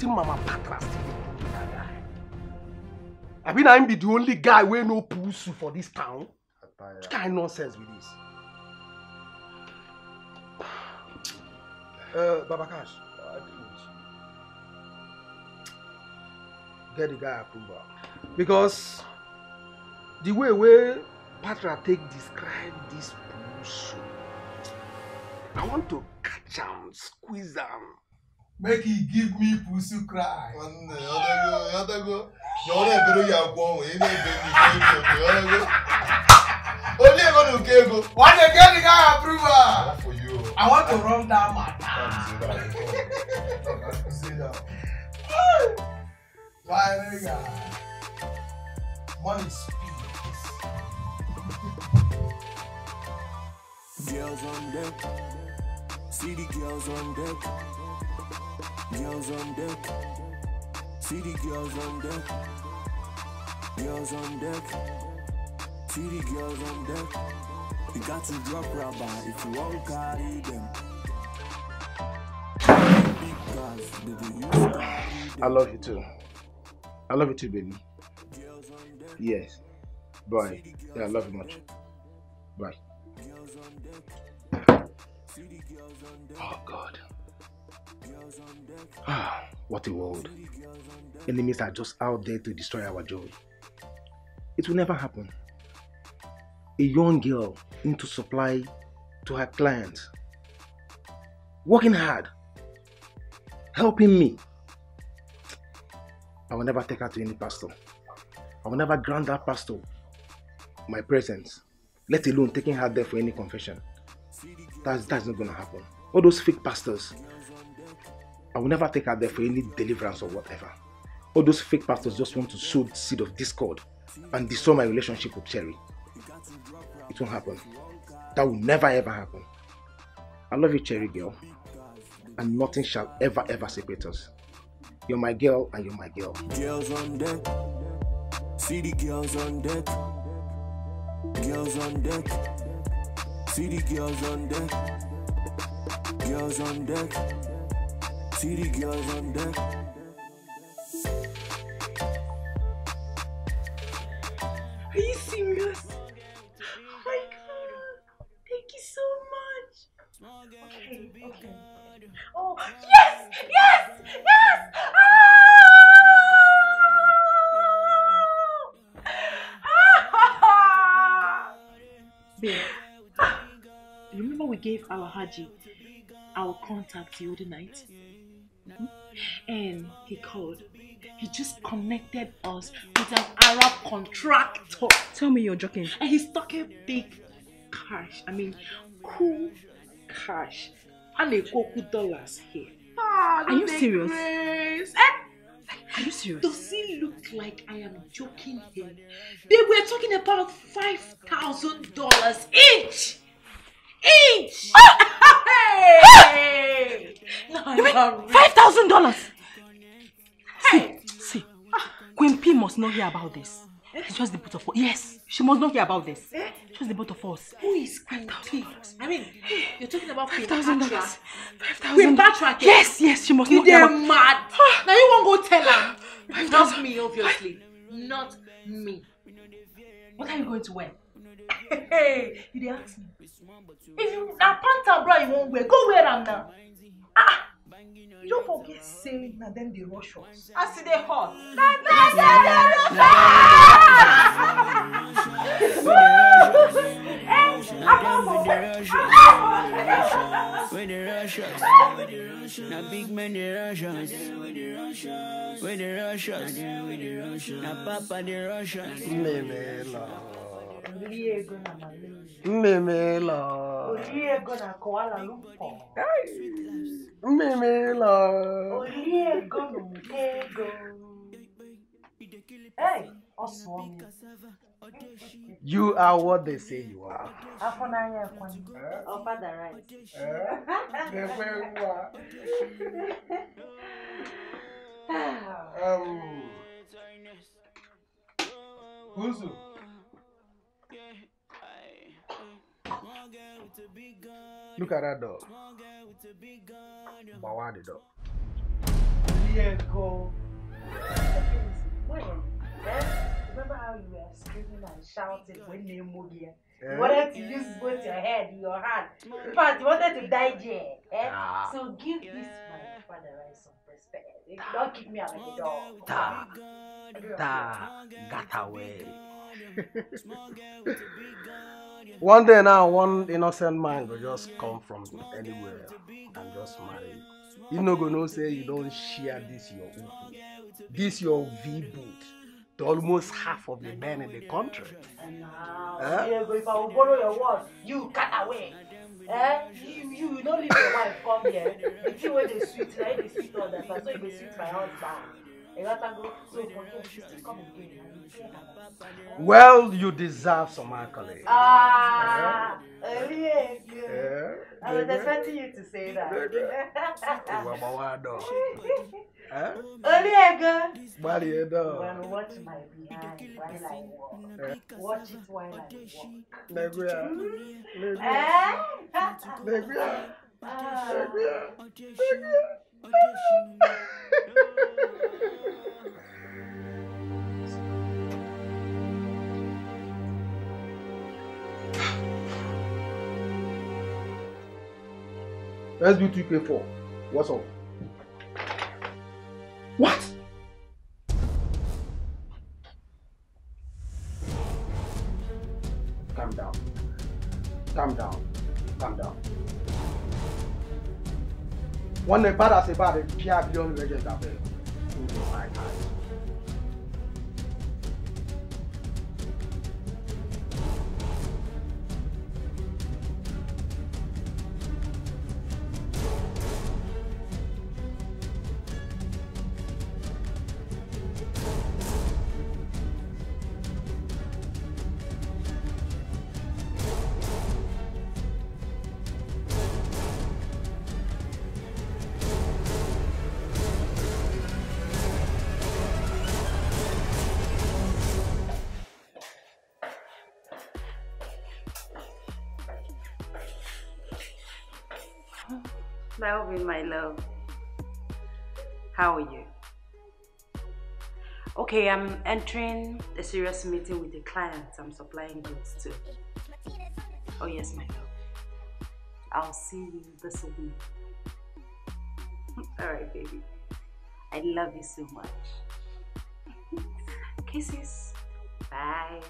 i mama patras i do be the only guy wearing no pusu for this town What kind nonsense be this? Uh, Baba Cash, get the guy approval because the way where Patra take describe this pusu, I want to catch him, squeeze him. make he give me pussy cry. nwanne yọdago yọdago na ọ na-ebere ya agwọ ọnwụ ị na-ebe ndị ego ego yọdago onye ego na oke ego. nwanne gị adịghị aha approve a. I want to run that matter. Why nigga? Money speaks. Girls on deck. See the girls on deck. Girls on deck. See the girls on deck. Girls on deck. See the girls on deck. You got to drop rubber if you won't carry them. I love you too. I love you too, baby. Yes. Bye. Yeah, I love you much. Bye. Oh, God. Ah, what a world. Enemies are just out there to destroy our joy. It will never happen. A young girl into supply to her client, working hard, helping me. I will never take her to any pastor. I will never grant that pastor my presence, let alone taking her there for any confession. That's, that's not going to happen. All those fake pastors, I will never take her there for any deliverance or whatever. All those fake pastors just want to sow the seed of discord and destroy my relationship with Cherry. It won't happen. That will never ever happen. I love you, Cherry girl, and nothing shall ever ever separate us. You're my girl, and you're my girl. Girls on deck, see the girls on deck. Girls on deck, see the girls on deck. Girls on deck. See the girls on deck. Are you serious? Oh my god! Thank you so much. Okay, okay. Oh yes, yes, yes! Ah! Babe, remember we gave our Haji our contact the other night? And he called. He just connected us with an Arab contractor. Tell me you're joking. And he's talking big cash. I mean, cool cash. Alekoku dollars here. Ah, Are you serious? Grace. Eh? Are you serious? Does he look like I am joking here? They were talking about $5,000 each! Each! Oh! Hey! no, you mean $5,000? See, see, Queen P must not hear about this. Eh? It's just the both of us. Yes, she must not hear about this. Eh? It's just the both of us. Who is Queen P? I mean, you're talking about five thousand. Five thousand. Queen Patra? Yes, yes, she must not hear about mad. Ah. now you won't go tell her. Not me, obviously. Not me. What are you going to wear? hey you dey ask me if you na panther bra you wan wear go wear am na ah you don't forget say na dem dey rush us as e dey hot na na na na na When they rush us, now big men they rush us. When they rush when they rush us, now Papa they rush us. Man, man, no mmemela mmemela You are what they say you are. Oh, Afunanya Ekwani. Um, Look at that dog. Bawa the dog. Yeah, remember how you were screaming and shouting when they moved here? You wanted to use both your head, your hand. In fact, you wanted to die here. Eh? Ah. So give this my father some respect. Don't keep me out of the door. Ta. Ta. Got away. One day now, one innocent man will just come from anywhere and just marry you. You no go know say you don't share this your uku, this your V-boot to almost half of the men in the country. eh? yeah, but if I will borrow your words, you cut away. Eh? You, you, you don't leave your wife come here. The thing wey dey sweet, na it dey sweet all that. So you dey sweet my husband. Ewatago, so you forgive, you still come again. Well, you deserve some accolades. Ah, yeah. Eh, yes. yeah. I was expecting you to say that. Huh? Oliego. Mariado. Well, watch my behind while I walk. Eh? Watch it while I walk. Negria. Negria. Negria. Negria. Negria. SB2K4. What's up? What? Calm down. Calm down. Calm down. One ní padà sí bá rẹ̀ kí á bí ọ̀nà rẹ̀ Melvin, my love. How are you? Okay, I'm entering a serious meeting with the clients I'm supplying goods to. Oh yes, my love. I'll see you this evening. Alright, baby. I love you so much. Kisses. Bye.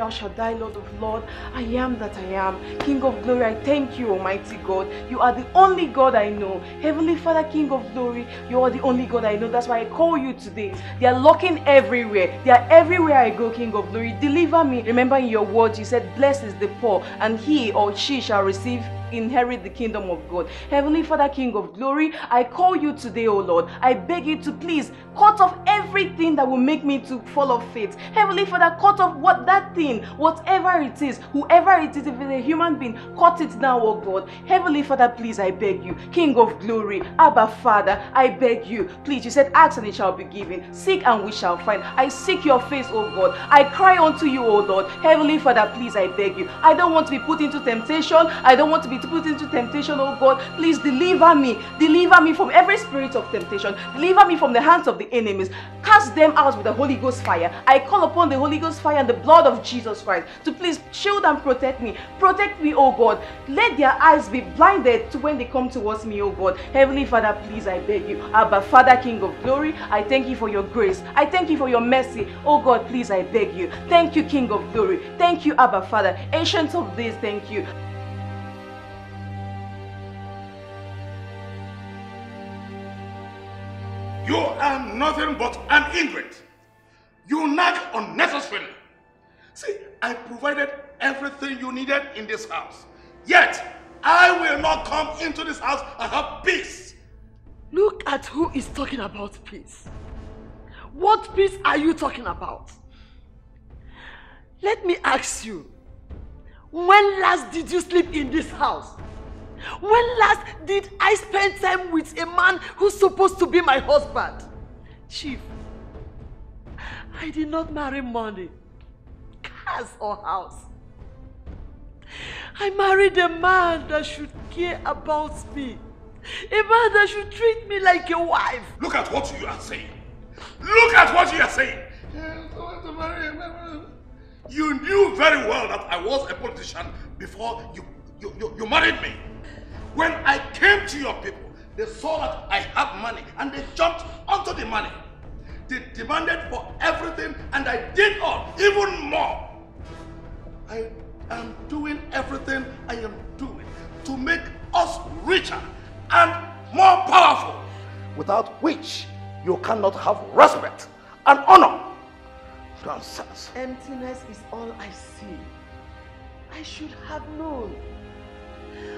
El Shaddai, Lord of Lord. I am that I am. King of glory, I thank you, Almighty God. You are the only God I know. Heavenly Father, King of glory, you are the only God I know. That's why I call you today. They are looking everywhere. They are everywhere I go, King of glory. Deliver me. Remember in your word, you said, Blessed is the poor, and he or she shall receive inherit the kingdom of God. Heavenly Father, King of glory, I call you today, O Lord. I beg you to please cut off everything that will make me to fall off faith. Heavenly Father, cut off what that thing, whatever it is, whoever it is, if it's a human being, cut it down, O God. Heavenly Father, please, I beg you. King of glory, Abba Father, I beg you. Please, you said, ask and it shall be given. Seek and we shall find. I seek your face, O God. I cry unto you, O Lord. Heavenly Father, please, I beg you. I don't want to be put into temptation. I don't want to be to put into temptation, oh God. Please deliver me. Deliver me from every spirit of temptation. Deliver me from the hands of the enemies. Cast them out with the Holy Ghost fire. I call upon the Holy Ghost fire and the blood of Jesus Christ to please shield and protect me. Protect me, oh God. Let their eyes be blinded to when they come towards me, oh God. Heavenly Father, please, I beg you. Abba, Father, King of glory, I thank you for your grace. I thank you for your mercy. Oh God, please, I beg you. Thank you, King of glory. Thank you, Abba, Father. Ancient of this, thank you. You are nothing but an ingrate. You nag unnecessarily. See, I provided everything you needed in this house. Yet, I will not come into this house and have peace. Look at who is talking about peace. What peace are you talking about? Let me ask you, when last did you sleep in this house? When last did I spend time with a man who's supposed to be my husband? Chief, I did not marry money, cars or house. I married a man that should care about me. A man that should treat me like a wife. Look at what you are saying. Look at what you are saying. You knew very well that I was a politician before you, you, you, you married me. When I came to your people, they saw that I have money and they jumped onto the money. They demanded for everything and I did all, even more. I am doing everything I am doing to make us richer and more powerful, without which you cannot have respect and honor. Nonsense. Emptiness is all I see. I should have known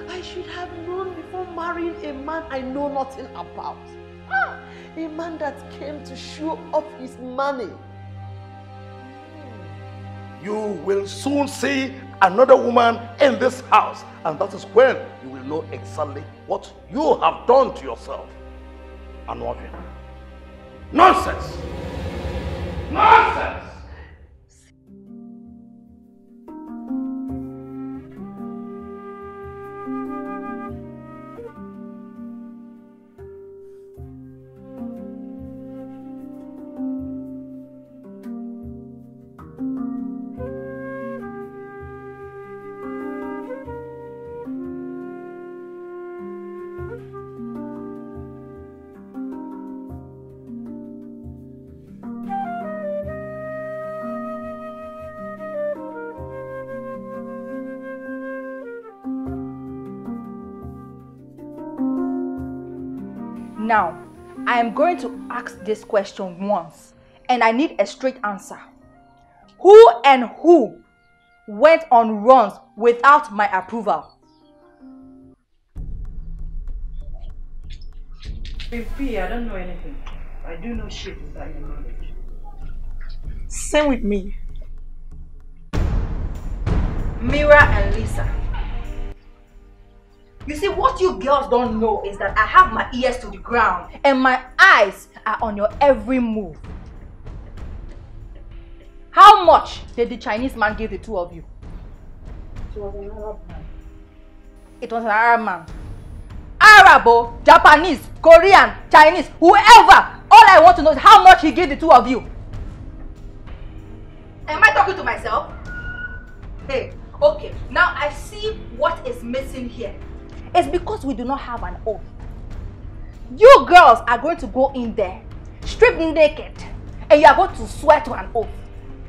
I should have known before marrying a man I know nothing about. Ah, a man that came to show off his money. You will soon see another woman in this house, and that is when you will know exactly what you have done to yourself. And what Nonsense! Nonsense! asked this question once, and I need a straight answer. Who and who went on runs without my approval? P, I don't know anything. I do know shit about your knowledge. Same with me. Mira and Lisa. You see, what you girls don't know is that I have my ears to the ground and my eyes are on your every move. How much did the Chinese man give the two of you? It was an Arab man. It was an Arab man. Arabo, oh, Japanese, Korean, Chinese, whoever. All I want to know is how much he gave the two of you. Am I talking to myself? Hey, okay. Now I see what is missing here. It's because we do not have an oath. You girls are going to go in there, strip naked, and you are going to swear to an oath.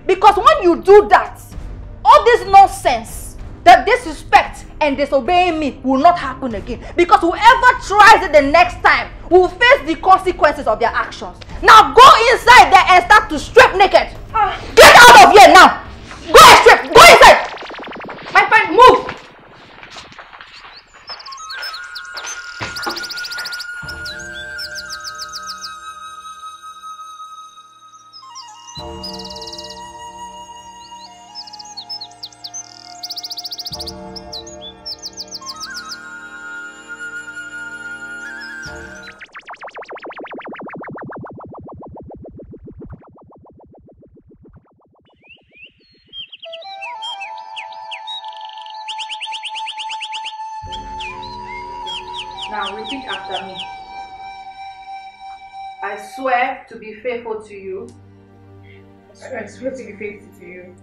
Because when you do that, all this nonsense, that disrespect and disobeying me will not happen again. Because whoever tries it the next time will face the consequences of their actions. Now go inside there and start to strip naked. Uh. Get out of here now. Go and strip. Go inside. My friend, move. to you, I swear to be faithful to you.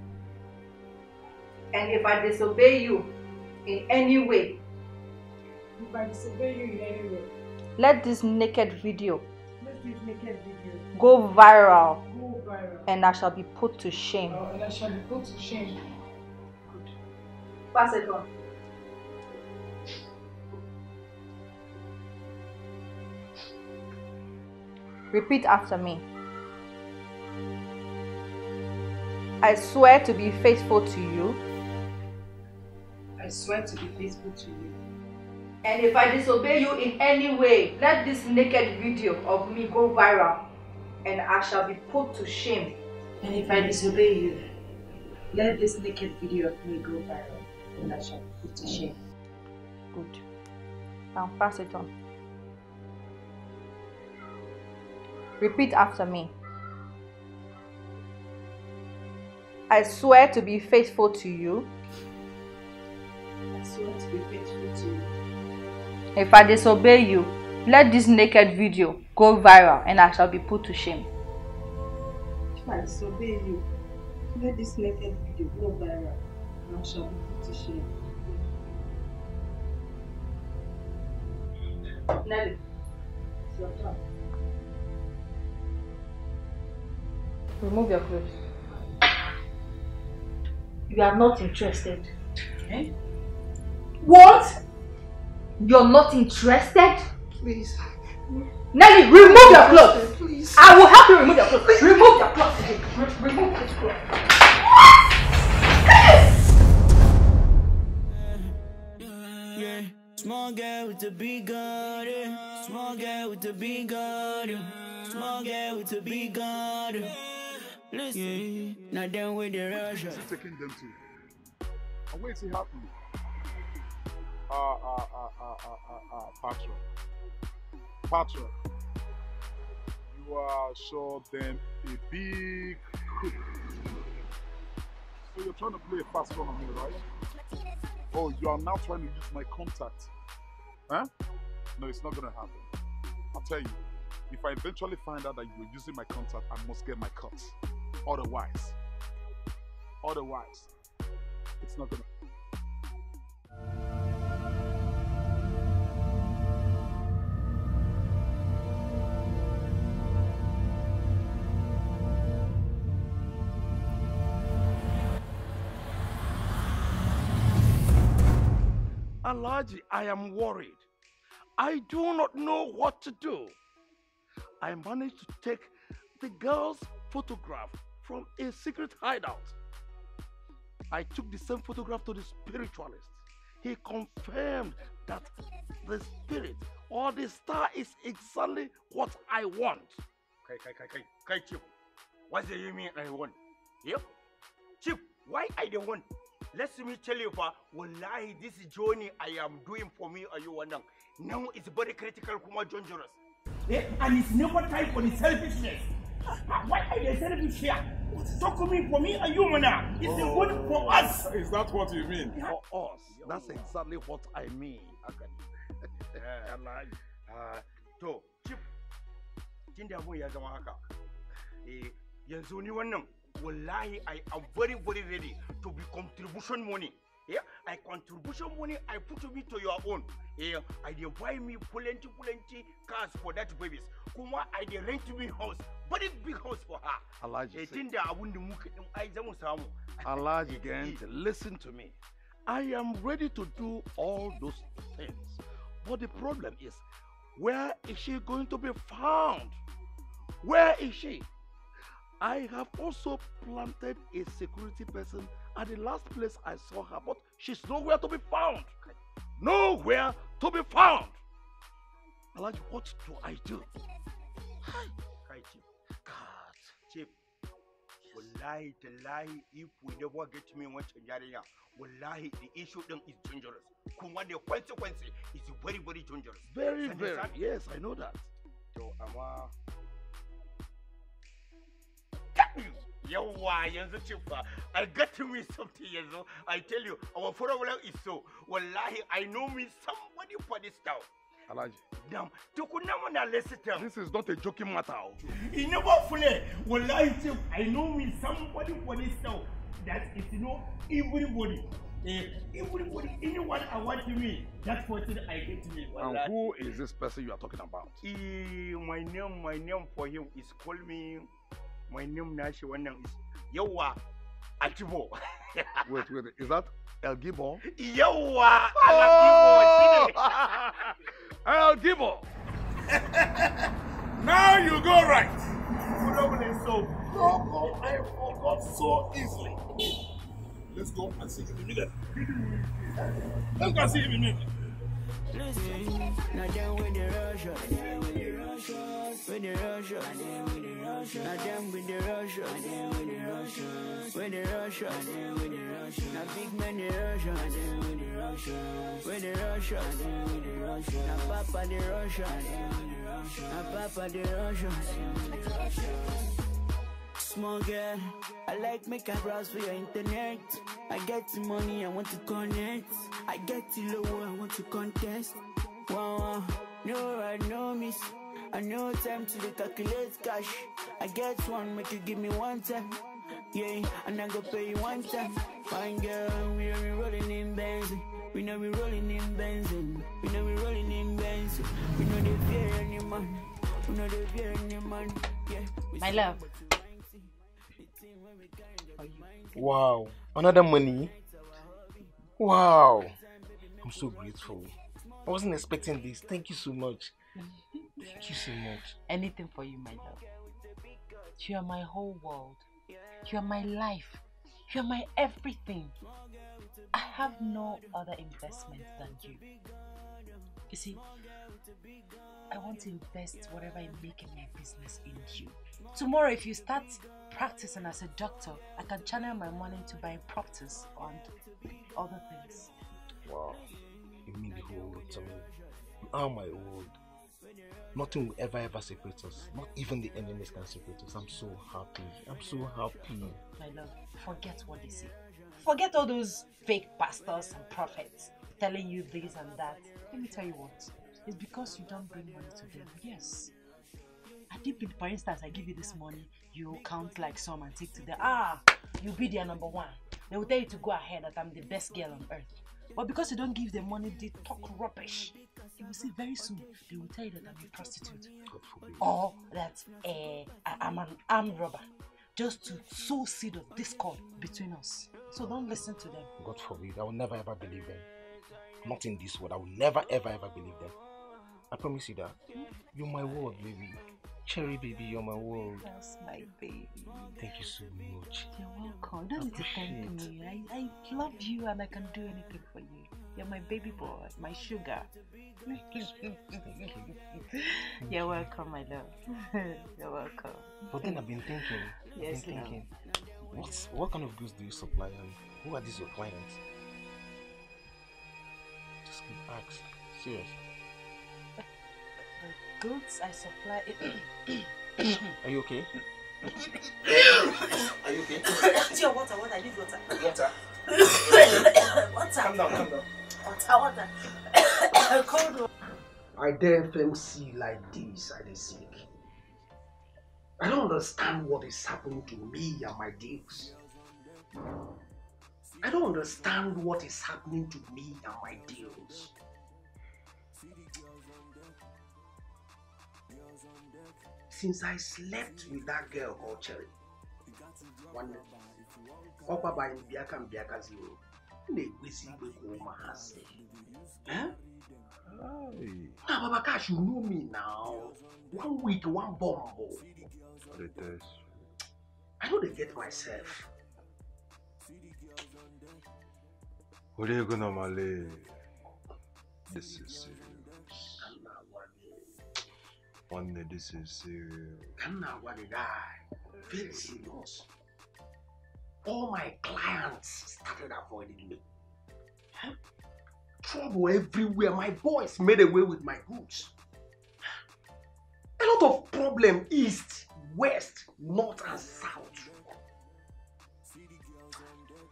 And if I disobey you in any way, if I disobey you in any way, let this naked video, let this naked video go, viral, go viral, and I shall be put to shame. Oh, and I shall be put to shame. Good. Pass it on. Repeat after me. I swear to be faithful to you. I swear to be faithful to you. And if I disobey you in any way, let this naked video of me go viral and I shall be put to shame. And if I disobey you, let this naked video of me go viral and I shall be put to shame. Good. Now pass it on. Repeat after me. I swear to be faithful to you. If I disobey you, let this naked video go viral and I shall be put to shame. If I disobey you, let this naked video go viral and I shall be put to shame. Nelly, it's your turn. Remove your clothes. You are not interested. Okay. What? You're not interested? Please. Nelly, remove your clothes. Please. I will help you remove your clothes. Please. Remove your clothes today. remove your clothes. Small girl with big small girl with big small girl with big Listen, yeah. now then with the Russia. She's taking them to. And where is it happening? Ah, ah, ah, ah, ah, ah, ah, Patrick. Ah, Patrick, you are showing them a big So you're trying to play a fast one on me, right? Oh, you are now trying to use my contact. Huh? No, it's not gonna happen. I'll tell you, if I eventually find out that you're using my contact, I must get my cut. Otherwise, otherwise, it's not going to. Alaji, I am worried. I do not know what to do. I managed to take the girl's photograph from a secret hideout. I took the same photograph to the spiritualist. He confirmed that the spirit or the star is exactly what I want. Kai, kai, kai, kai, kai, Chief. What do you mean I want? Yep. Chief, why I the one? Let me tell you, fa, wallahi, this journey I am doing for me, are you one now? Now it's very critical, kuma dangerous. Yeah, and it's never time for the selfishness. Why are you selling with here? Talk to me, for me a you, Mona. It's oh, good for us. Is that what you mean? Yeah. For us. That's exactly what I mean. Okay. yeah, like, uh, to, chip. Eh, I am very very ready to be contribution money. Yeah, I contribution money I put me to your own. Yeah, I dey buy me plenty plenty cars for that babies. Kuma I dey rent me house, but it big house for her. Alaji. Eh, tinda abun da muke din ai zamu samu. Alaji Gent, listen to me. I am ready to do all those things. But the problem is, where is she going to be found? Where is she? I have also planted a security person at the last place I saw her, but she's nowhere to be found. Nowhere to be found. Alaji, what do I do? Kai Chief. God, Chief. Wallahi, lie if we never get me one chanjaria, lie. the issue then is dangerous. Kuma, the consequence is very, very dangerous. Very, very. Yes, I know that. So, Ama, yawa yanzu ce fa i got to me something yanzu i tell you our problem is so wallahi i know me somebody for this town Alaji. Damn, tukuna muna lesitem. This is not a joking matter. You never fule. Wallahi tip. I know me somebody for this town. That is you know everybody. Eh, everybody, anyone I want to meet, that person I get to meet. And who is this person you are talking about? Eh, my name, my name for him is call me my name Nashi one is Yawa Atibo. wait, wait, is that El Gibo? Yawa oh! El Gibo. now you go right. So, no, I forgot so easily. Let's go and see him immediately. Let's go and see him immediately. Listen, not down with when the Russians, now them with the Russians. When the Russians, now big men the Russians. When the Russians, now Papa the Russians. Now Papa the Russians. Small girl, I like make a for your internet. I get the money, I want to connect. I get the low, I want to contest. Wow, wow, no, I know miss. I know time to the cash. I get one, make you give me one time. Yeah, and I go pay you one time. Fine girl, we know we rolling in Benz. We know we rolling in Benz. We know we rolling in Benz. We know they fear any man. We know they fear any man. Yeah. My love. Wow, another money. Wow, I'm so grateful. I wasn't expecting this. Thank you so much. Thank you so much. Anything for you, my love. You are my whole world. You are my life. You are my everything. I have no other investment than you. You see, I want to invest whatever I make in my business in you. Tomorrow, if you start practicing as a doctor, I can channel my money to buy practice and other things. Wow, you mean the whole world to me. You are my world. Nothing will ever ever separate us. Not even the enemies can separate us. I'm so happy. I'm so happy. My love, forget what they say. Forget all those fake pastors and prophets telling you this and that. Let me tell you what. It's because you don't bring money to them. Yes. I think for instance, I give you this money, you count like some and take to them. Ah, you'll be their number one. They will tell you to go ahead that I'm the best girl on earth. But because you don't give them money, they talk rubbish you will see very soon they will tell you that I'm a prostitute or that uh, I'm an armed robber just to sow seed of discord between us. So don't listen to them. God forbid, I will never ever believe them. Not in this world, I will never ever ever believe them. I promise you that. You're my word, baby. Cherry baby, you're my world. my baby. Thank you so much. You're welcome. Don't need to thank me. I, I love you and I can do anything for you. You're my baby boy, my sugar. Thank you. Thank you. Thank you're you. welcome, my love. you're welcome. But then I've been thinking. Yes, been thinking. What's, what kind of goods do you supply and who are these your clients? Just ask. Seriously goods I supply. are you okay? are you okay? your water, water, I need water. Water. water. Come down, come down. Water, water. Cold I definitely see like this, I sick. I don't understand what is happening to me and my deals. I don't understand what is happening to me and my deals. since I slept with that girl called Cherry. One ọkwa bụ anyị bịaka mbịakazi o na-ekwesị ikwekwa ụmụ ha si na baba cash you know me now one week one bomb I no dey get myself What are you gonna do? this is it. Wannan this is serious. Kana I very serious. All my clients started avoiding me. Trouble everywhere. My boys made away with my goods. A lot of problem east, west, north and south.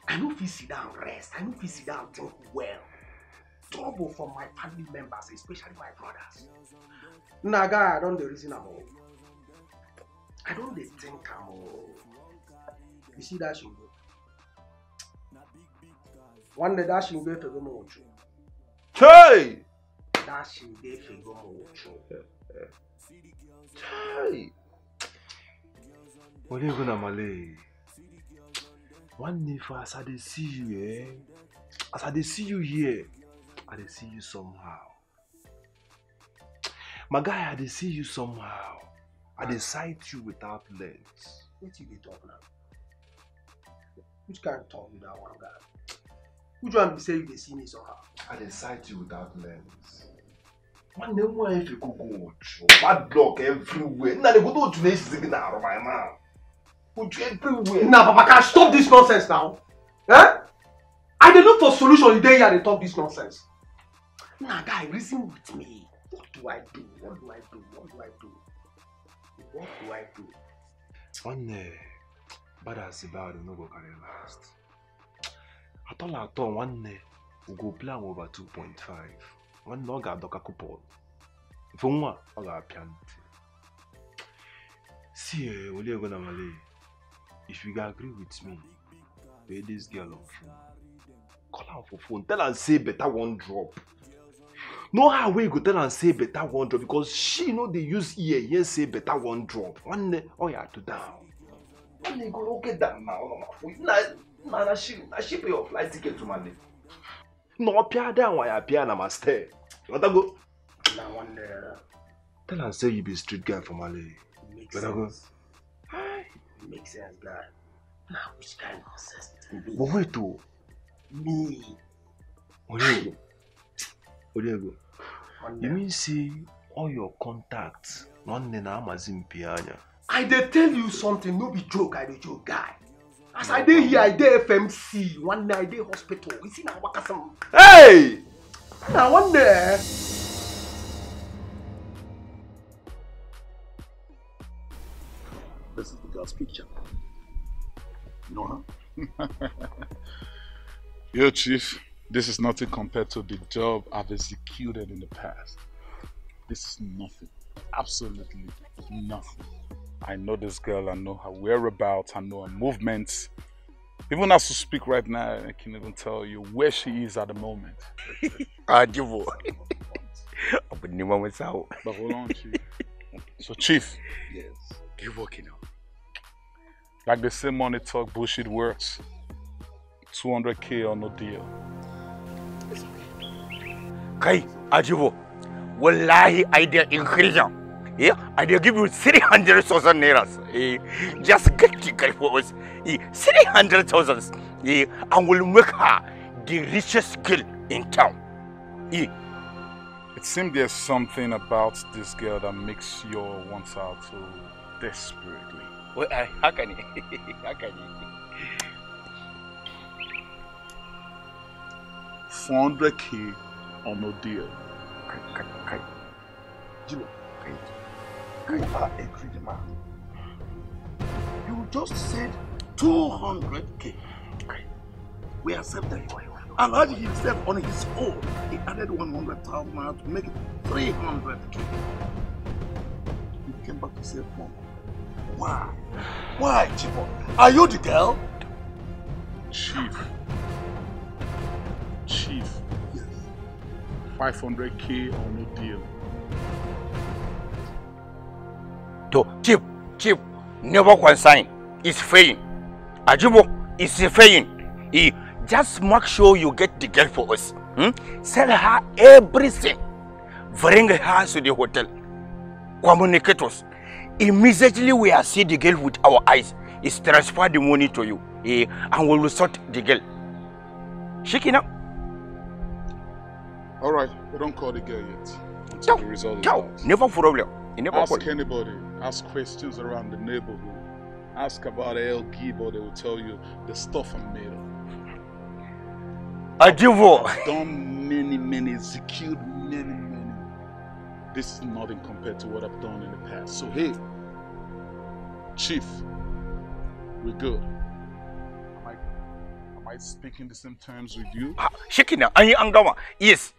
I know if you sit down, rest. I know if you sit down, think well. trouble for my family members especially my brothers Naga, i don't dey reason am o i don't dey think am o you see that shingo one day that shingo efegomo ojo hey that shingo efegomo ojo hey olingo na malay one if as i dey see you eh as i dey see you here. I did see you somehow. My guy, I did see you somehow. I did sight you without lens. What you get talk now? Which kind of talk you that one guy? Which one be say you dey see me somehow? I did sight you without lens. Man, no more if you go go bad luck everywhere. Now they go do today singing out of my mouth. Uju everywhere. Now, Papa, can stop this nonsense now. Eh? I dey look for solution. You dey here dey talk this nonsense. Now, guy, reason with me. What do I do? What do I do? What do I do? What do I do? Nwanne, uh, bad as bad, no go carry last. Atọla one day uh, we go plan over 2.5. Nwanne ọ ga-adọka kupọn. Ife nwa ọ ga-apịa ntị. See, Oliego na Malay, if you uh, agree with me, pay this girl on phone. Call am for phone, tell her say better one drop no how wey go tell am say better one drop because she no dey use ear hear say better one drop one nwanne oh, oya to down nwanne go no get down na ọnọma na na na she na she pay your flight ticket to Malay. na ọ pịa down wa ah, ya pịa na ma stay ọtago. na uh, tell am say you be street guy for male ọtago. make sense na na which kind nonsense. but wait o. Oh. me. oye. Odego, you mean see all your contacts nwanne na amazi mpi I dey tell you something, no be joke, I dey joke, guy. As I dey here, I dey FMC, One day I dey hospital. You see na some. Hey! Na day. This is the girl's picture. You know her? yeah, Chief. This is nothing compared to the job I've executed in the past. This is nothing. Absolutely nothing. I know this girl, I know her whereabouts, I know her movements. Even as we speak right now, I can even tell you where she is at the moment. Adivo. Ah, but hold on, Chief. So, Chief. Yes. You working out? Like the same money talk bullshit works. 200k on no deal. Kai, Ajibo, wallahi, I dare increase them. Yeah, I dare give you 300,000 nairas. Yeah. Just get the girl for us. Yeah. 300,000. Yeah. And we'll make her the richest girl in town. Yeah. It seems there's something about this girl that makes your wants out to desperately. Well, I, how can you? how can you? 400k no meu dia. Cai, cai, cai. De You are a greedy man. You just said 200k. Cai. We accept that you are and had himself on his own, he added 100,000 naira to make it 300k. He came back to say, Mom, why? Why, Chief? Are you the girl? Chief, 500k or no deal. To chief, chief, never consign. It's failing. Ajumo, it's failing. He just make sure you get the girl for us. Hmm? Sell her everything. Bring her to the hotel. Communicate us. Immediately we are see the girl with our eyes. Is transfer the money to you. Eh, and we will sort the girl. Shake it up. All right, we don't call the girl yet. Until no, the result no, never problem. never ask anybody. Ask questions around the neighborhood. Ask about El Gibo. They will tell you the stuff I'm made of. Adivo. I've done many, many, executed many, many. This is nothing compared to what I've done in the past. So hey, Chief, we're good. Am I, am I speaking the same terms with you? Ah, Shaking now. Yes.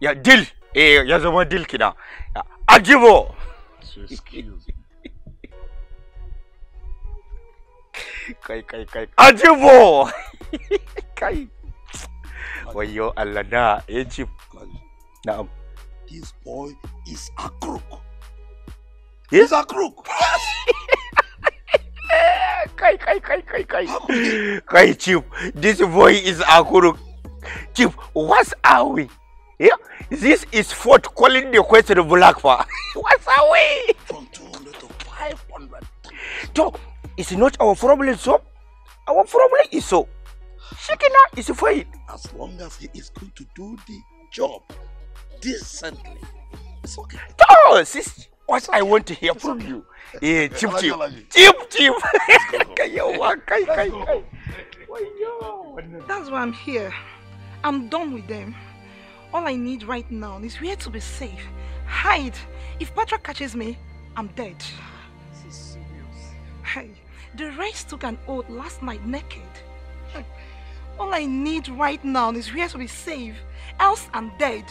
ya dil eh ya zama dil kina ajibo kai kai kai ajibo kai wayo Allah na yaji eh, na this boy is a crook eh? he's a crook kai kai kai kai kai kai chief this boy is a crook chief what are we Yeah, this is Fort calling the question of Bulakwa. What's away? From 200 to 500. So, it's not our problem, so our problem is so. Shikina is fine. As long as he is going to do the job decently, it's okay. Oh, what okay. I want to hear it's from okay. you. Yeah, chip, chip. Chip, chip. That's why I'm here. I'm done with them. All I need right now is where to be safe. Hide. If Patrick catches me, I'm dead. This is serious. Hey, the race took an oath last night naked. All I need right now is where to be safe. Else I'm dead.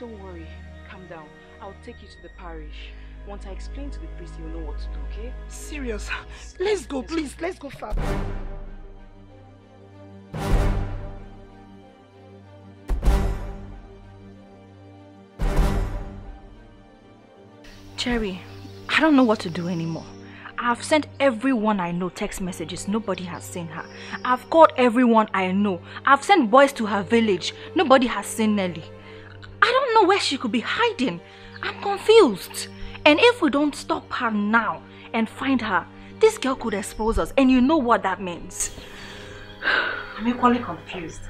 Don't worry. Calm down. I'll take you to the parish. Once I explain to the priest, you'll know what to do, okay? Serious. Let's go, please. Let's go, Father. Sherry, I don't know what to do anymore. I've sent everyone I know text messages. Nobody has seen her. I've called everyone I know. I've sent boys to her village. Nobody has seen Nelly. I don't know where she could be hiding. I'm confused. And if we don't stop her now and find her, this girl could expose us. And you know what that means. I'm equally confused.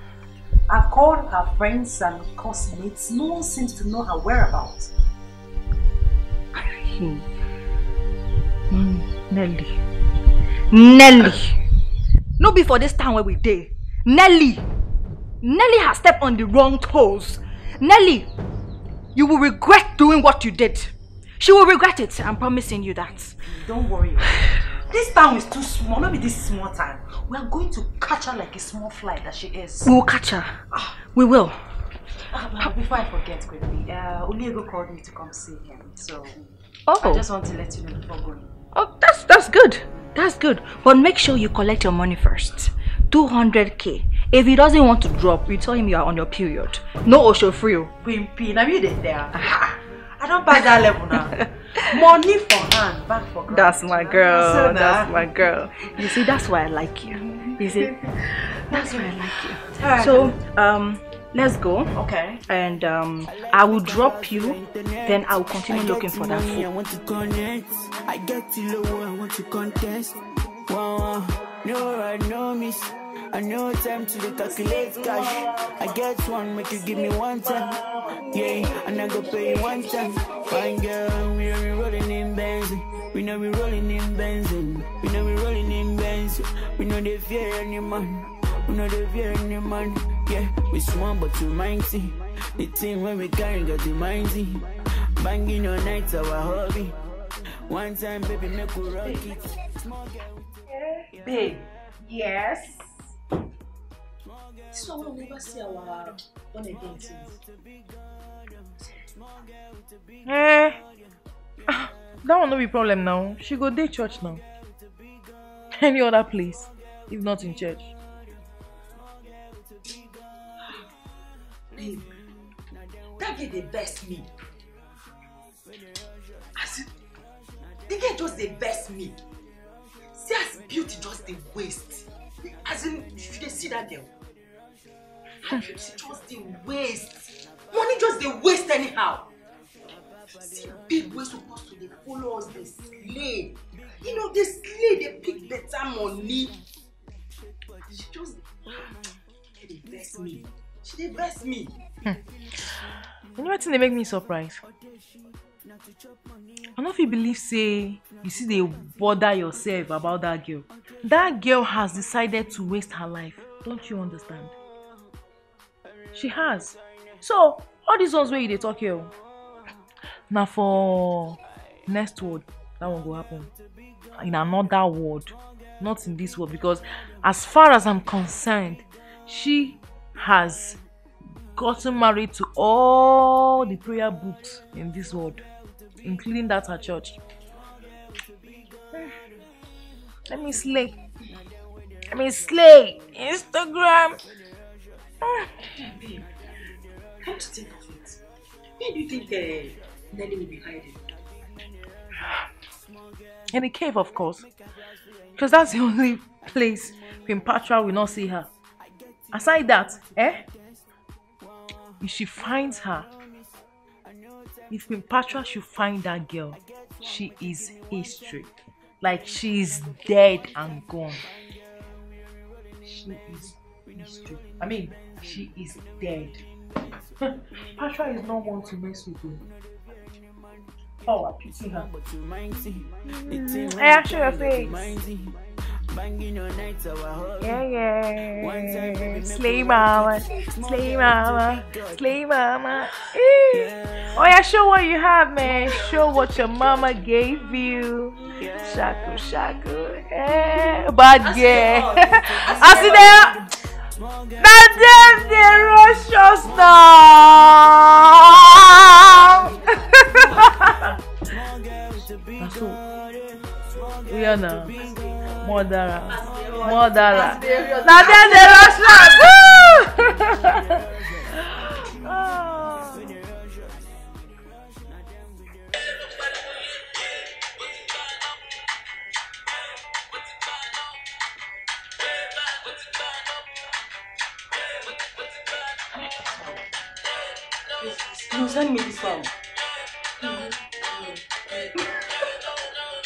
I've called her friends and classmates. No one seems to know her whereabouts. Hey. Hmm, Nelly. Nelly. No be for this town where we day. Nelly. Nelly has stepped on the wrong toes. Nelly, you will regret doing what you did. She will regret it. I'm promising you that. Don't worry. This town is too small. Not be this small town. We are going to catch her like a small fly that she is. We will catch her. Ah. We will. Ah, before I forget quickly, uh, Oliego called me to come see him, so Oh. I just want to let you know before going. Oh, that's that's good. That's good. But make sure you collect your money first. 200k. If he doesn't want to drop, you tell him you are on your period. No Osho free. Wimpy, oh. now you there. I don't buy that level now. Money for hand, back for girl. That's my girl. So that's my girl. You see, that's why I like you. You see, that's why I like you. So, um, let's go okay and um i will drop you then i'll continue looking for that food. i want to connect i get to low i want to contest wow no i know miss i know time to the calculate cash i get one make you give me one time yeah and i go pay you one time fine girl we are rolling in benzin we know we rolling in benzin we know we rolling in benzin we know they fear any man we know they fear any man we small but you mighty. The team when we carry got the mighty. Banging your nights our hobby. One time, baby, make we rock it. Yeah. Babe, yes. so we will never see our one again Eh, ah, that will not be problem now. She go day church now. Any other place, if not in church. me. That girl the best me. As the girl just the best me. See as beauty just the waste. As in, you dey see that girl? She hmm. beauty just the waste. Money just the waste anyhow. See big waste supposed to the follow us slay. You know, they slay They pick better money. She just ah, the best me. She dey vex me. Hmm. You know wetin dey make me surprise. I no fit believe say you still dey bother yourself about that girl. That girl has decided to waste her life. Don't you understand? She has. So, all these ones wey you dey talk here na for next word, that one go happen. In another word, not in this world because as far as I'm concerned, she has gotten married to all the prayer books in this world, including that at church. Let me slay. Let me slay. Instagram. come to think of it. Where do you think uh, Nelly will be hiding? In a cave, of course. Because that's the only place Pimpatra will not see her. Aside that, eh? If she finds her, if Pimpatra should find that girl, she is history. Like she is dead and gone. She is history. I mean, she is dead. Patra is not one to mess with. You. Oh, I pity her. Mm, I actually your face. Banging nights, our Yeah, yeah. One time, slay mama, slay mama, slay mama. Yeah. Oh yeah, show what you have, man. Show what your mama gave you. Shaku, shaku, eh, bad girl. I see there. Now them they rush us down. Rihanna. Modara. Modara. Na there they rush out. You send me this one.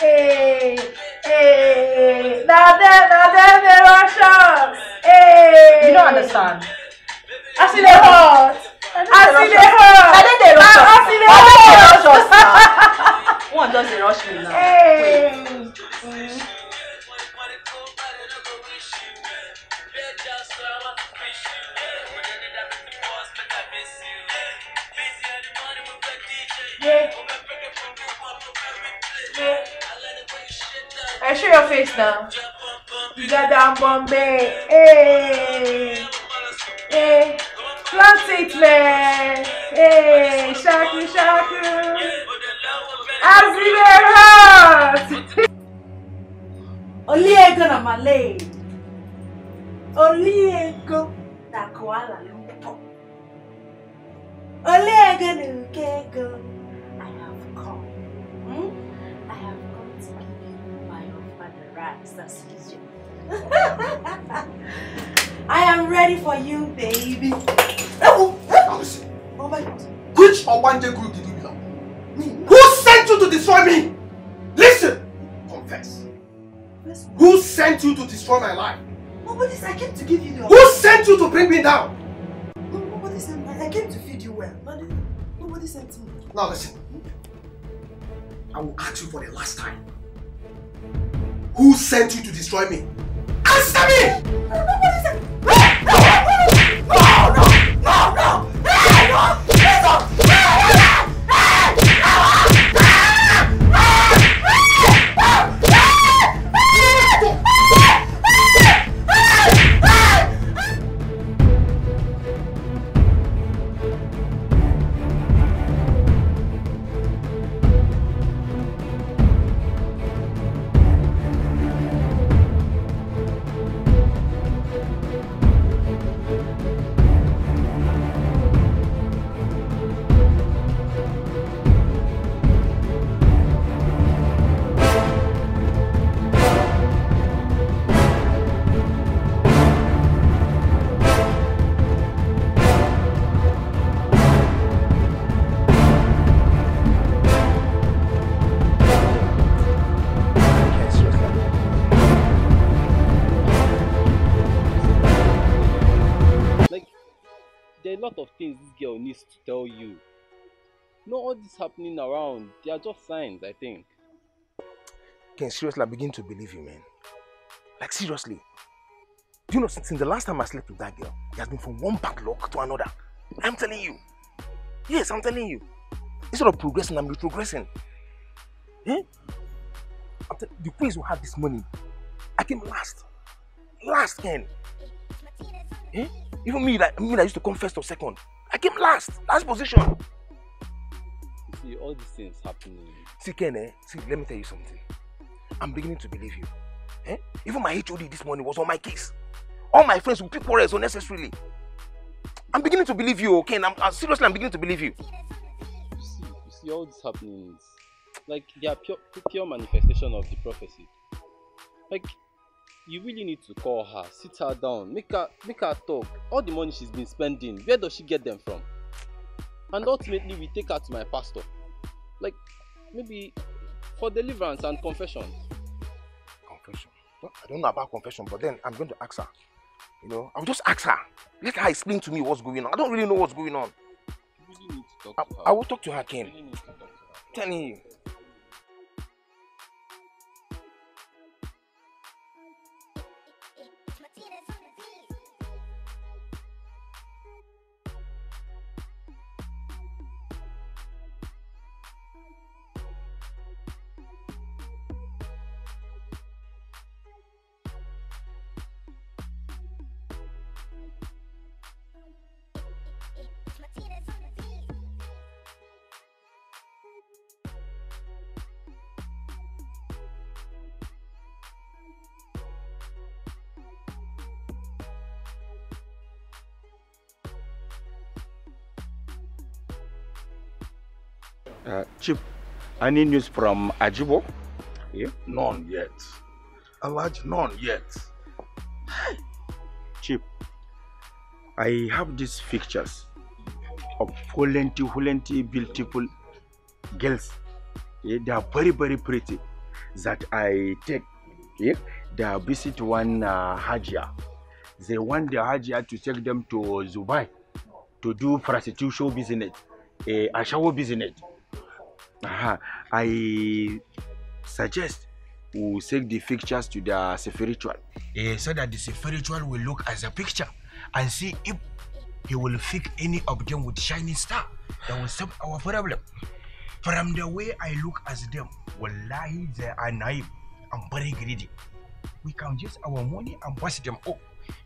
Hey, hey. You don't understand. I see the heart. I see the heart. I think they rush I see the heart. One doesn't rush me now. Hey. I show your face now. dada Bombay. Hey, hey, flaunt it, man. Hey, shaku shaku. Azile hot. Oliego na Malay. Oliego na Kuala Lumpur. Oliego na Ukego. I have come. Hmm? I have come to you my offer the that's legitimate. I am ready for you, baby. Which Obanje group did you belong? Me. Who sent you to destroy me? Listen, confess. Who sent you to destroy my life? Nobody's. I came to give you the. Who sent you to bring me down? Nobody sent me. I came to feed you well. nobody sent me. Now listen. I will ask you for the last time. Who sent you to destroy me? Answer me! there are a lot of things this girl needs to tell you. You know, all this happening around, they are just signs, I think. Can seriously, I begin to believe you, man. Like, seriously. Do you know, since the last time I slept with that girl, it has been from one backlog to another. I'm telling you. Yes, I'm telling you. Instead of progressing, I'm retrogressing. Eh? I'm the place will have this money. I came last. Last, Ken. Eh? Even me, like me, I used to come first or second. I came last, last position. You see, all these things happening. See, Ken, eh? See, let me tell you something. I'm beginning to believe you. Eh? Even my HOD this morning was on my case. All my friends will pick quarrels unnecessarily. I'm beginning to believe you, okay? Oh, I'm, I'm seriously, I'm beginning to believe you. You see, you see all these happenings. Like, they are pure, pure manifestation of the prophecy. Like, you really need to call her sit her down make her make her talk all the money she's been spending where does she get them from and ultimately we take her to my pastor like maybe for deliverance and confession confession i don't know about confession but then i'm going to ask her you know i'll just ask her let her explain to me what's going on i don't really know what's going on you really need to talk I, to her. I will talk to her again really telling you Uh, Chief, any news from Ajibo? Yeah? None yet. A large none yet. Chief, I have these pictures of plenty, plenty beautiful girls. Yeah, they are very, very pretty that I take. Yeah? They visit one uh, Hajia. They want the Hajia to take them to Dubai to do prostitution business, uh, a shower business. I suggest we take the pictures to the spiritual. Uh, so that the spiritual will look as a picture and see if he will fix any of them with shining star that will solve our problem. From the way I look at them, wallahi, they are naive and very greedy. We can use our money and pass them up.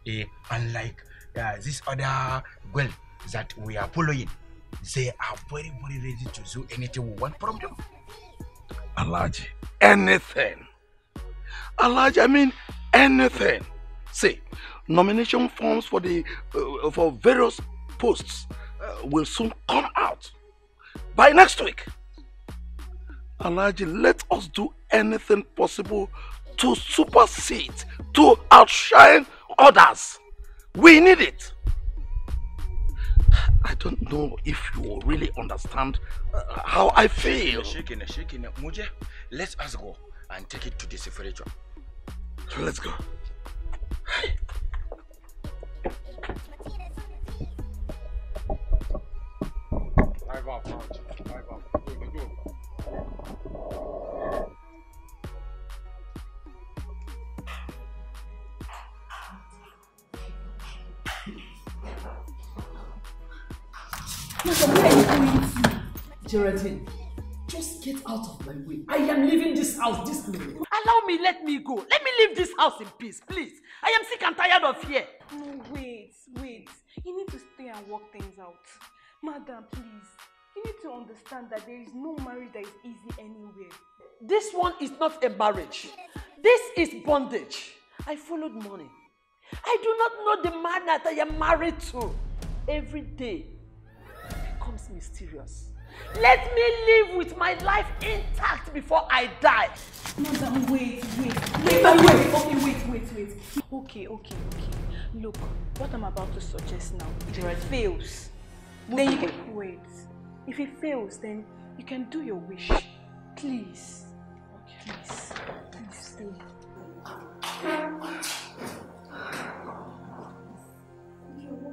Uh, unlike uh, this other girl that we are following. Ah, they are very, very ready to do anything we want from them. Alaji, anything. Alaji, I mean anything. See, nomination forms for the uh, for various posts uh, will soon come out by next week. Alaji, let us do anything possible to supersede, to outshine others. We need it. I don't know if you really understand uh, how I feel. Shikine, shikine. Muje, let us go and take it to the spiritual. So let's go. Hey. Hi, Geraldine, just get out of my way. I am leaving this house this minute. Allow me, let me go. Let me leave this house in peace, please. I am sick and tired of here. No, wait, wait. You need to stay and work things out. Madam, please. You need to understand that there is no marriage that is easy anywhere. This one is not a marriage. This is bondage. I followed money. I do not know the man that I am married to. Every day, mysterious. Let me live with my life intact before I die. Mother, wait, wait, wait, wait, okay, wait, wait, wait. Okay, okay, okay. Look, what I'm about to suggest now, if it fails, then you can... Wait. If it fails, then you can do your wish. Please. Okay. Please. Please stay. You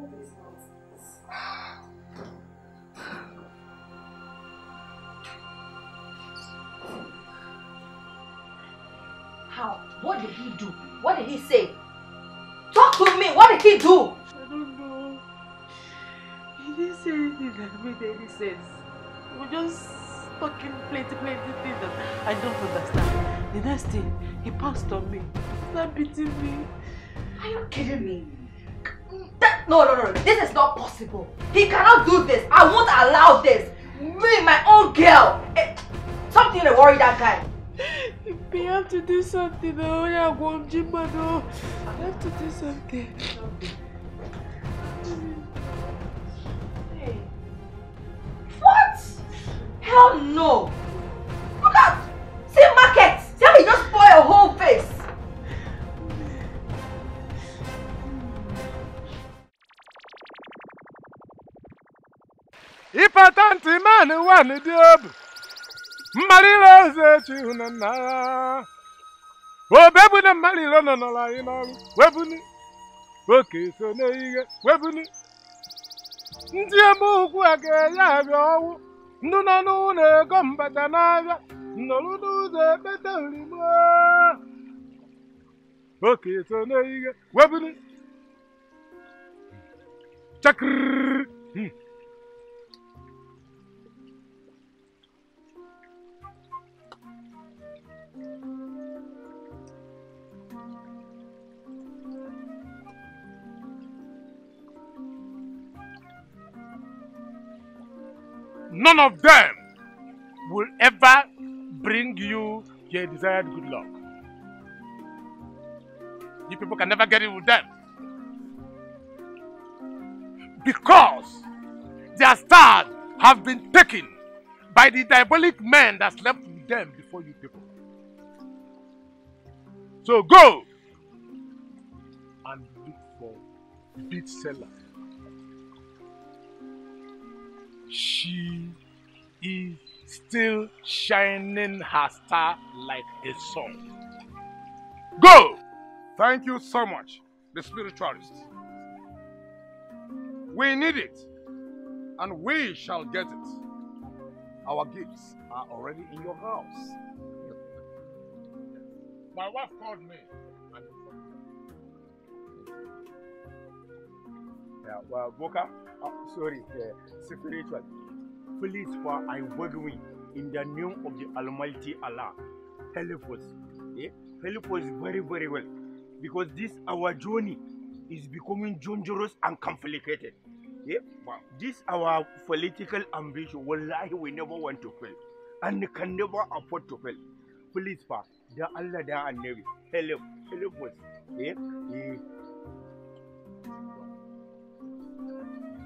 What did he do? What did he say? Talk to me. What did he do? I don't know. He didn't say anything that made any sense. We're just talking plenty, plenty things that I don't understand. The next thing, he pounced on me. That beating me. Are you kidding me? That, no, no, no. This is not possible. He cannot do this. I won't allow this. Me, my own girl. It, eh, something to worry that guy. we have to do something, I only have one gym, man, oh, I have to do something. Hey. What? Hell no! Look out! same market. Tell me, he just spoil your whole face. Ipatanti man wà ní Diobu. mmalile eze chihunanna agha obebune mmalile nọ n'ọla anyị n'ọrụ webuni oke so ihe webuni ndị eme ukwu a ga-enye abịa ọnwụ ndụ nọ n'ụlọ ego mbata n'abịa n'ọrụ n'ụzọ ekpeta orimo oke so n'ihe none of them will ever bring you your desired good luck. You people can never get it with them. Because their stars have been taken by the diabolic men that slept with them before you people. So go and look for big sellers. she is still shining her star like a sun. Go! Thank you so much, the spiritualist. We need it, and we shall get it. Our gifts are already in your house. My wife called me yeah, well, vocal, oh, uh, sorry, yeah, uh, spiritual. Please, for I beg we in the name of the Almighty Allah, help us. Yeah? Help us very, very well. Because this our journey is becoming dangerous and complicated. Yeah? But this our political ambition, wallahi, we never want to fail. And can never afford to fail. Please, for the Allah, the Navy, help, help us. Yeah? yeah.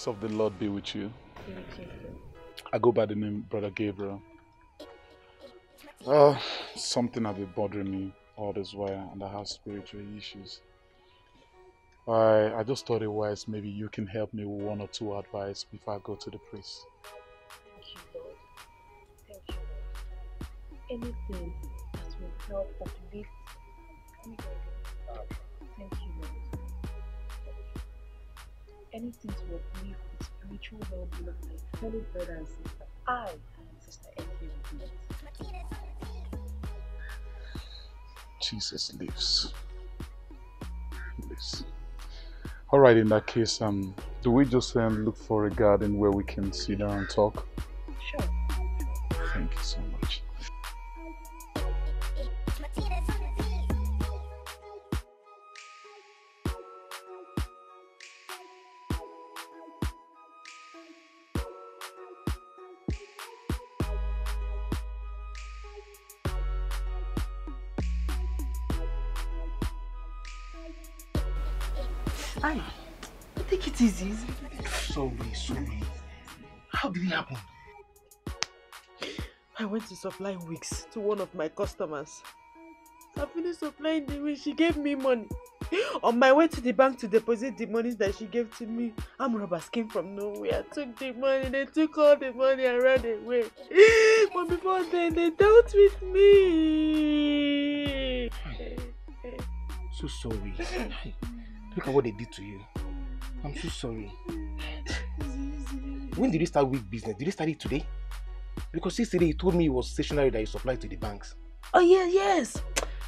peace of the Lord be with you. I go by the name Brother Gabriel. Uh, something has been bothering me all this while, and I have spiritual issues. I, I just thought it wise maybe you can help me with one or two advice before I go to the priest. Thank you, Lord. Thank you. Anything that will help at least. anything to uplift the spiritual well being of my fellow brother and sister, I Sister Enki Jesus lives. Lives. All right, in that case, um, do we just um, look for a garden where we can sit down and talk? Sure. Thank you so much. I think it is easy. Sorry, sorry. How did it happen? I went to supply wigs to one of my customers. I finished supplying the wigs. She gave me money. On my way to the bank to deposit the money that she gave to me, arm robbers came from nowhere, took the money, they took all the money and ran away. but before then, they dealt with me. So sorry. Look at what they did to you. I'm so sorry. When did you start weak business? Did you start it today? Because yesterday you told me it was stationery that you supplied to the banks. Oh yeah, yes.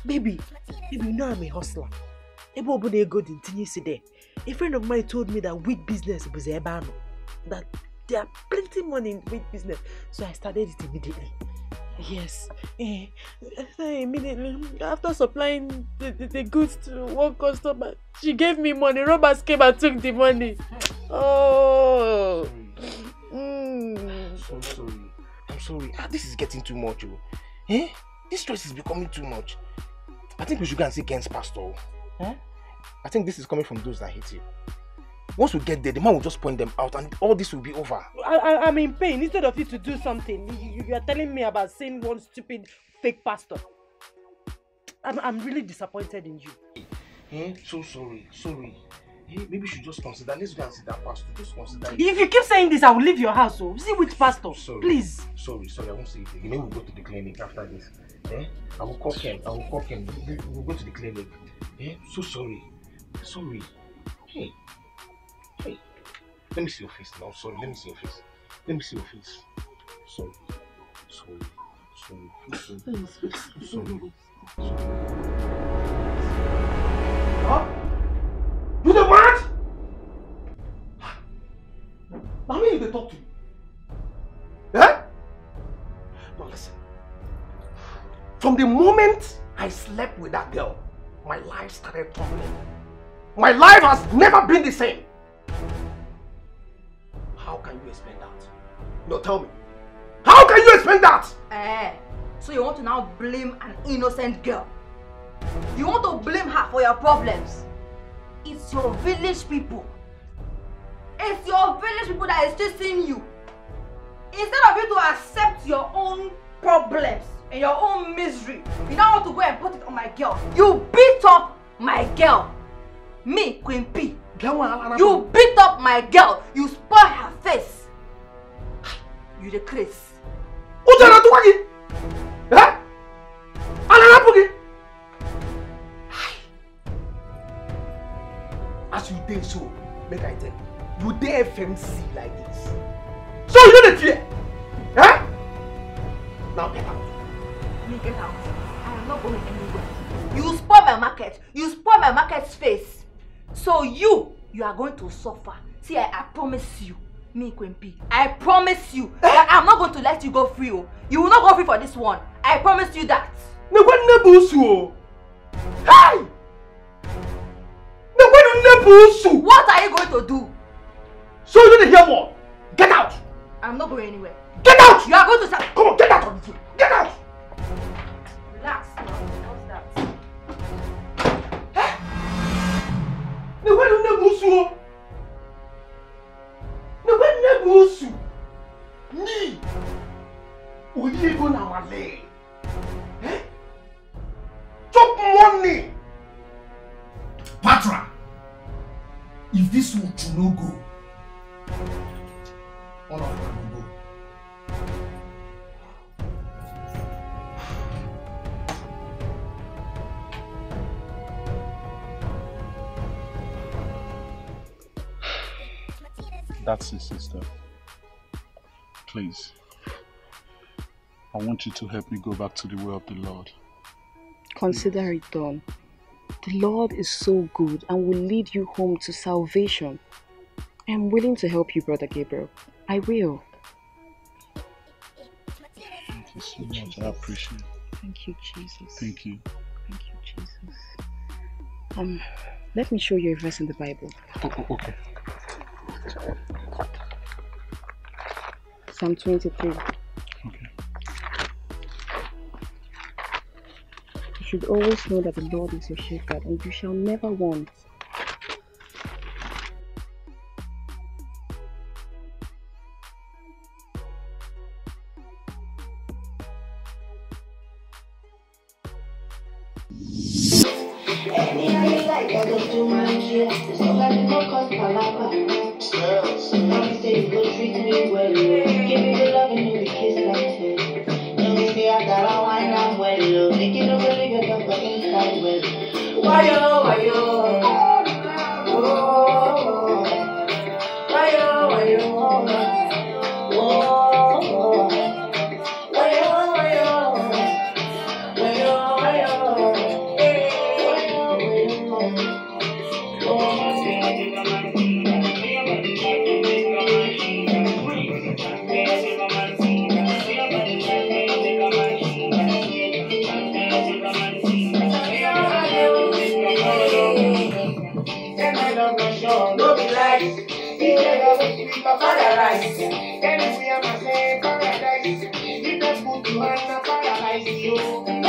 Baby, baby, you know I'm a hustler. Ebe obodo ego dị ntinye isi there. A friend of mine told me that weak business was ebe anọ. That there are plenty money in weak business. So I started it immediately. Yes. Eh, eh, immediately after supplying the, the, the, goods to one customer, she gave me money. Robbers came and took the money. Oh. Mm. So sorry. I'm sorry. Ah, this is getting too much. Oh. Eh? This stress is becoming too much. I think we should go and see Gens pastor. Huh? Oh. Eh? I think this is coming from those that hate you. Once we get there, the man will just point them out and all this will be over. I, I, am in pain. Instead of you to do something, you, you are telling me about seeing one stupid fake pastor. I'm, I'm really disappointed in you. Hey, eh? So sorry, sorry. Eh, maybe you should just consider. Let's go and see that pastor. Just consider. If you keep saying this, I will leave your house. Oh. See which pastor. Sorry. Please. Sorry, sorry. I won't say it. You know, we'll go to the clinic after this. Eh? I will call him. I will call him. We'll go to the clinic. Eh? So sorry. Sorry. Hey. Hey, let me see your face now. Sorry, let me see your face. Let me see your face. Sorry, sorry, sorry, sorry, sorry. sorry. What? Huh? You the what? Now who you talk to? you. Eh? Now listen. From the moment I slept with that girl, my life started crumbling. My life has never been the same. explain that? No, tell me. How can you explain that? Eh, so you want to now blame an innocent girl? You want to blame her for your problems? It's your village people. It's your village people that is chasing you. Instead of you to accept your own problems and your own misery, you now want to go and put it on my girl. You beat up my girl. Me, Queen P. You beat up my girl. You spoil her face you dey craze. Uche na tuwa gị? Eh? A na gị? As you dey so, make I tell you, you dey FMC like this. So you no dey fear? Eh? Now get out. Me get out. I am not going anywhere. You spoil my market. You spoil my market's face. So you, you are going to suffer. See, I, I promise you. me Kwempi, I promise you that I'm not going to let you go free. Oh. You will not go free for this one. I promise you that. Oh. Hey! What are you going to do? So you didn't hear more. Get out. I'm not going anywhere. Get out! You are going to start. Come on, get out of here. Get out! Relax. What's that? Hey! you. ebe nne bụ usu ni ụdị ego na wale chop money patra if this one to no go That's it, sister. Please. I want you to help me go back to the way of the Lord. Consider it done. The Lord is so good and will lead you home to salvation. I am willing to help you, Brother Gabriel. I will. Thank you so much. Jesus. I appreciate it. Thank you, Jesus. Thank you. Thank you, Jesus. Um, let me show you a verse in the Bible. Okay. Psalm 23. Okay. You should always know that the Lord is your shepherd and you shall never want. mais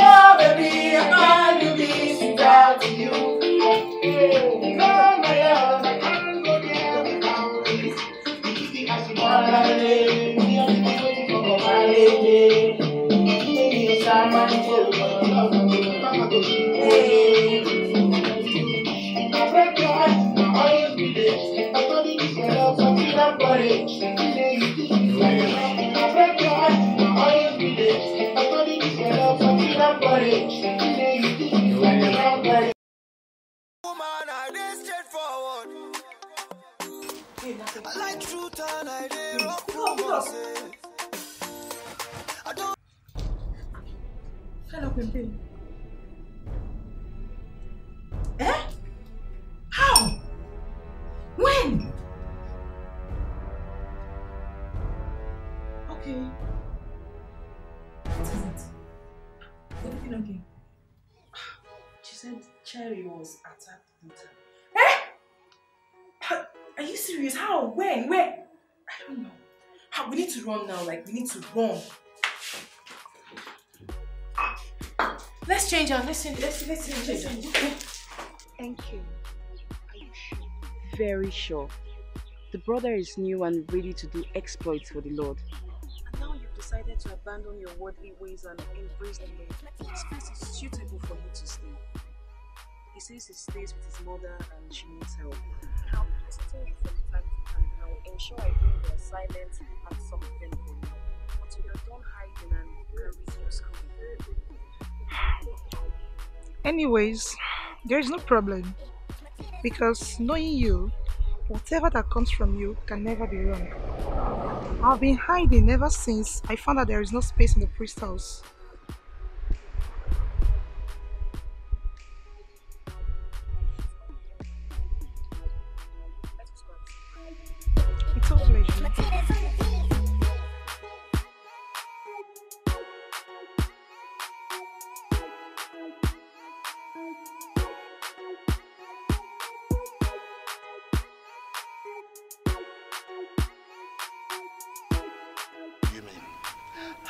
Okay. Eh? How? When? Okay. What is it? Everything okay? She said Cherry was attacked Eh? Are you serious? How? When? Where? I don't know. We need to run now. Like, we need to run. Let's change our Let's change. Let's, let's change. Let's change. Thank you. Are you sure? Very sure. The brother is new and ready to do exploits for the Lord. And now you've decided to abandon your worldly ways and embrace the Lord. This place is suitable for you to stay. He says he stays with his mother and she needs help. I'll be visiting you from time to time and I will ensure I bring your silence and something for you. But you are done hiding and you are with your school. Anyways, there is no problem because knowing you, whatever that comes from you can never be wrong. I've been hiding ever since I found out there is no space in the priest house.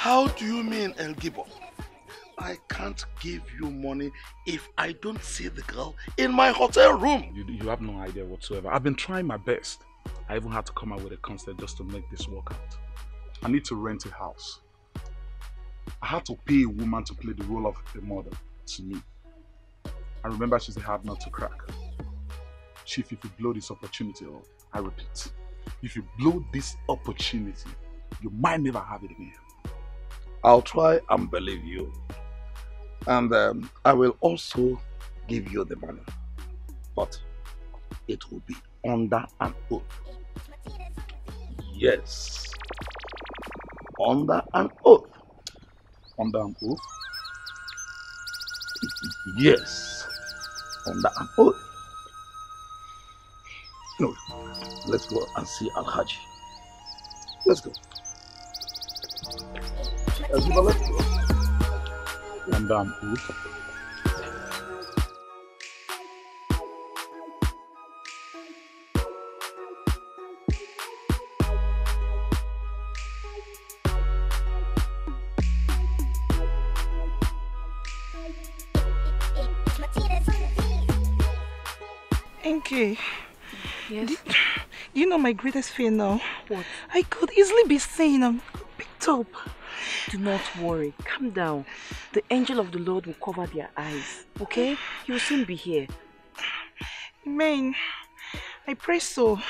How do you mean, El Gibo? I can't give you money if I don't see the girl in my hotel room. You, you have no idea whatsoever. I've been trying my best. I even had to come out with a concept just to make this work out. I need to rent a house. I had to pay a woman to play the role of a mother to me. I remember she's a hard nut to crack. Chief, if you blow this opportunity, I repeat, if you blow this opportunity, you might never have it again. I'll try and believe you. And um, I will also give you the money. But it will be under an oath. Yes. Under an oath. Under an oath? yes. Under an oath. No. Let's go and see Al Haji. Let's go as you balance and down oops. Okay. Yes. Do, you know my greatest fear now? What? I could easily be seen on big top. Do not worry. Calm down. The angel of the Lord will cover their eyes. Okay? You'll soon be here. Amen. I pray so.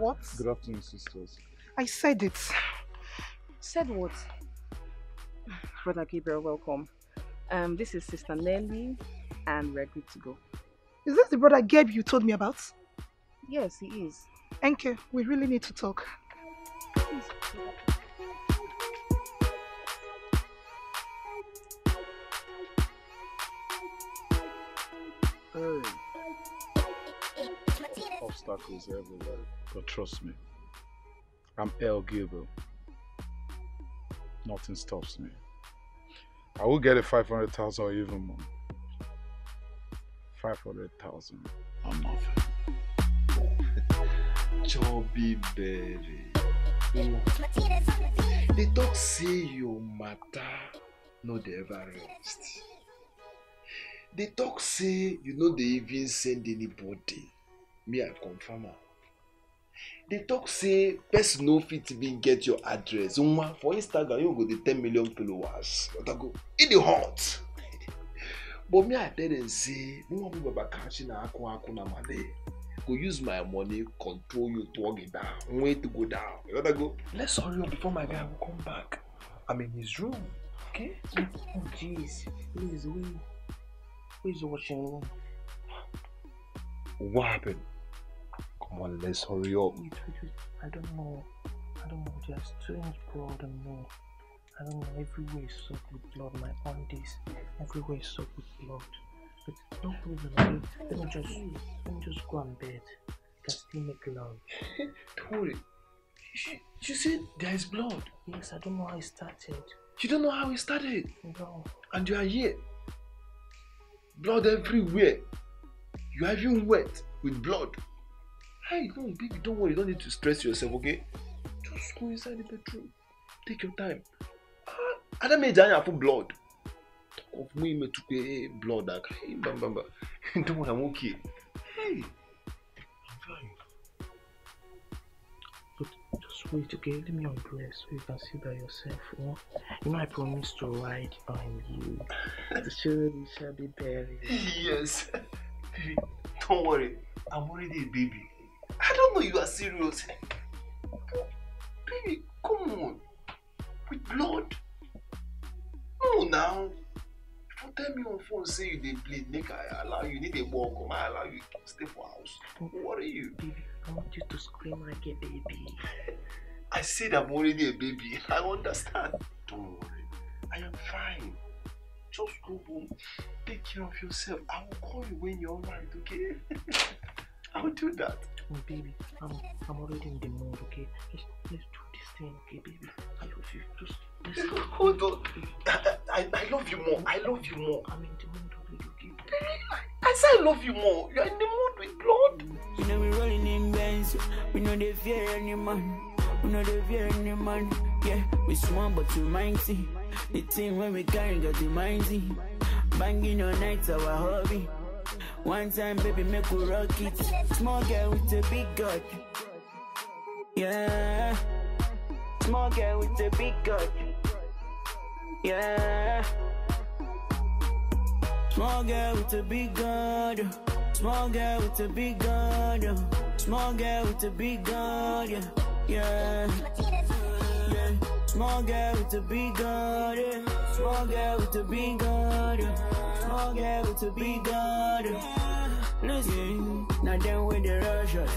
What? Good afternoon, sisters. I said it. Said what? Brother Gabriel, welcome. Um, this is Sister Nelly, and we're good to go. Is this the brother Gabe you told me about? Yes, he is. Enke, we really need to talk. Please. battles but trust me, I'm El Gilbert. Nothing stops me. I will get a 500,000 or even more. 500,000 or nothing. Chubby baby, They talk say your matter no they ever rest. They talk say you know, they even send anybody me i confirm am dey talk say person no fit even get your address nwa for instagram you go dey ten million followers go. e dey hot but me i tell dem say no wan be baba kachi na akun akun na male go use my money control you to work it down wait to go down you go. let's hurry up before my guy go come back i'm in his room okay oh jeez please wait who is watching what happened come on, let's hurry up. I don't know. I don't know. There's strange blood and more. I don't know. Everywhere is soaked with blood. My aunties. everywhere is soaked with blood. But no problem. Let me just, let me just go on bed. I can still make love. don't worry. She, she said there is blood. Yes, I don't know how it started. You don't know how it started? No. And you are here. Blood everywhere. You are even wet with blood. Hey, no, baby, don't worry. You don't need to stress yourself, okay? Just go inside the bedroom. Take your time. Ah, not mean Daniel for blood. Talk of me, me took a eh, blood. Like, ah, hey, bam, bam, bam. don't worry, I'm okay. Hey, I'm fine. But just wait, okay? Let me undress so you can see by yourself. You know, you know I promise to ride on you. Surely you shall be buried. Yes. Baby, don't worry. I'm already a baby. I don't know you are serious. Baby, come on. With blood? No, now. Don't tell me on phone say you didn't bleed Nick, I allow you need a walk or I allow you stay for house. What are you? Baby, I want you to scream like a baby. I said I'm already a baby. I understand. Don't worry. I am fine. Just go home. Take care of yourself. I will call you when you're alright, okay? I'll do that baby i'm i'm already in the mood okay let's let's do this thing okay baby i love you just let's go hold on I, I, love you more i love you more i'm in the mood already okay baby i say i love you more you're in the mood with blood you know we rolling in Benz. we know they fear any man we know they fear any man yeah we small but we mighty the thing when we carry got the mighty banging all night our hobby one time, baby, make we rock it. Small girl with a big gut. Yeah. Small girl with a big gut. Yeah. Small girl with a big gut. Small girl with a big gut. Small girl with a big gut. Yeah. Yeah. Small girl with a big gut. Yeah. Small girl with the big gun, yeah. Small girl with the big gun, yeah. Listen, now them with the Russians.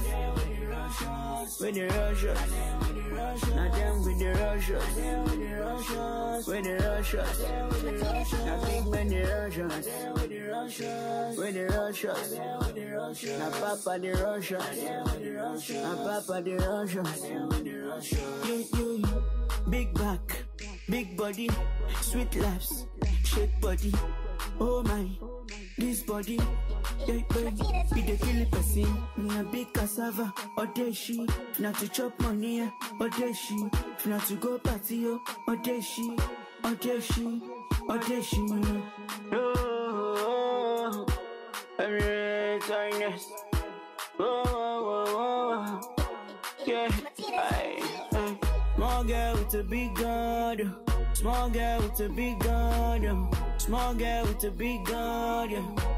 With the Russians. Now them with the Russians. With the Russians. Now big men the Russians. With the Russians. Now Papa the Russians. Now Papa the Russians. You, you, you. Big back. Big body, sweet laughs, shake body. Oh my, this body, yeah, baby. Be the killing person. Me a big cassava, or day she. Not to chop money, or day she. Not to go party, or day she. Or day she, or day she. No, I'm your kindness. Oh. Small girl with a big gun. Small girl with a big Small girl with a big gun.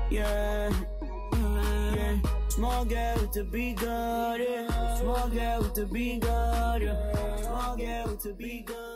Yeah. yeah. yeah. Small girl with a big gun. Small girl with a big gun. Small girl with a big gun.